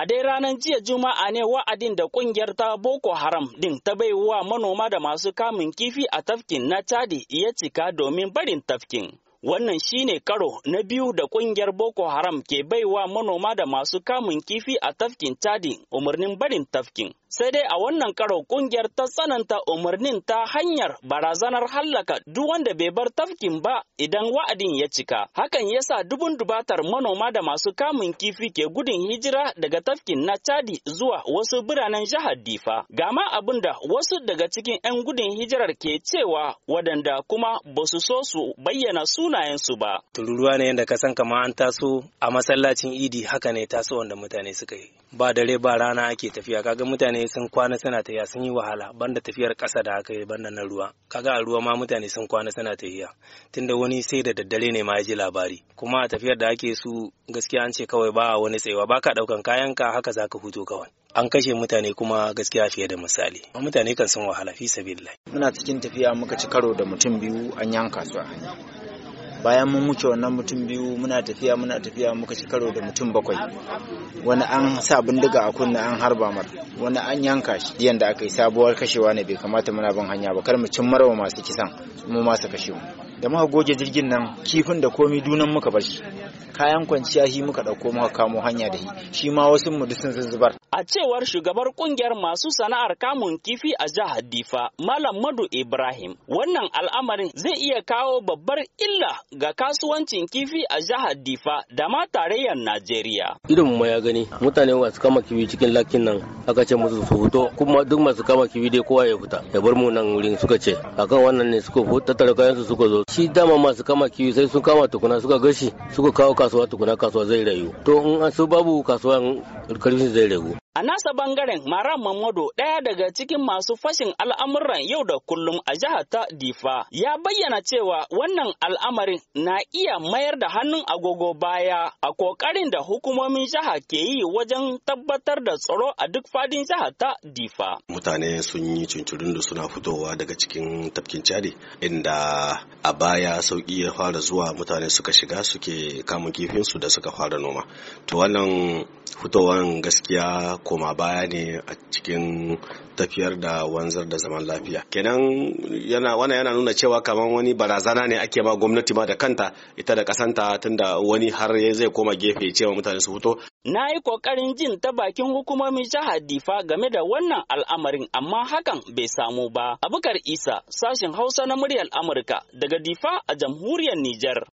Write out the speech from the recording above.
A dai ranar jiya Juma'a ne wa'adin da kungiyar ta Boko Haram din ta baiwa manoma da masu kamun kifi a tafkin na Chadi ya cika domin barin tafkin. Wannan shi ne karo na biyu da kungiyar Boko Haram ke baiwa manoma da masu kamun kifi a tafkin Chadi umarnin barin tafkin. sai dai a wannan karo kungiyar ta tsananta umarnin ta hanyar barazanar hallaka duk wanda bai bar tafkin ba idan wa'adin ya cika hakan yasa dubun dubatar manoma da masu kamun kifi ke gudun hijira daga tafkin na chadi zuwa wasu biranen jihar difa gama abin da wasu daga cikin 'yan gudun hijirar ke cewa wadanda kuma ba su so su bayyana sunayensu ba tururuwa ne yadda ka san kama an taso a masallacin idi haka ne taso wanda mutane suka yi ba dare ba rana ake tafiya kaga mutane sun kwana suna tafiya sun yi wahala banda tafiyar kasa da aka yi banda na ruwa kaga a ruwa ma mutane sun kwana suna tafiya tunda wani sai da daddare ne ma ya labari kuma a tafiyar da ake su gaskiya an ce kawai ba wani tsayawa ba ka ɗaukan ka haka zaka ka hutu kawai an kashe mutane kuma gaskiya fiye da misali mutane kan sun wahala fi sabilillah muna cikin tafiya muka ci karo da mutum biyu an yanka su a hanya bayan mun wuce wannan mutum biyu muna tafiya muna tafiya muka ci karo da mutum bakwai wani an sa bindiga a kunna an harba mar wani an yanka shi diyan da aka yi sabuwar kashewa ne bai kamata muna bin hanya ba kar mu cin marawa masu kisan mu masu kashe mu da muka goge jirgin nan kifin da komi dunan muka bar shi kayan kwanciya shi muka ɗauko muka kamo hanya da shi shi ma wasu mu sun zubar A cewar shugabar kungiyar masu sana'ar kamun kifi a jihar Difa, Malam Madu Ibrahim, wannan al'amarin zai iya kawo babbar illa ga kasuwancin kifi a jihar Difa da ma tarayyar Najeriya. Idan mu ya gani, mutane masu kama kifi cikin lakin nan aka ce musu su fito, kuma duk masu kama kifi dai kowa ya fita, ya bar mu nan wurin suka ce. Akan wannan ne suka fito tattara kayan su suka zo. Shi dama masu kama kifi sai sun kama tukuna suka gashi, suka kawo kasuwa tukuna kasuwa zai rayu. To in su babu kasuwa karfin zai rayu. A nasa bangaren Mara Mamadu ɗaya daga cikin masu fashin al'amuran yau da kullum a jihar ta Difa ya bayyana cewa wannan al'amarin na iya mayar da hannun agogo baya a ƙoƙarin da hukumomin jiha ke yi wajen tabbatar da tsaro a duk fadin jihar ta Difa. Mutane sun yi cincirin da suna fitowa daga cikin tafkin cari inda a baya sauki ya fara zuwa mutane suka shiga suke kamun su da suka fara noma to wannan fitowar gaskiya koma baya ne a cikin tafiyar da wanzar da zaman lafiya kenan yana wannan yana nuna cewa kamar wani barazana ne ake ma gwamnati ma da kanta ita da kasanta tunda wani har zai koma gefe cewa mutane su fito Na yi ƙoƙarin jin ta bakin hukumomin jihar Difa game da wannan al'amarin amma hakan bai samu ba. Abukar Isa, sashen Hausa na muryar Amurka daga Difa a jamhuriyar Nijar.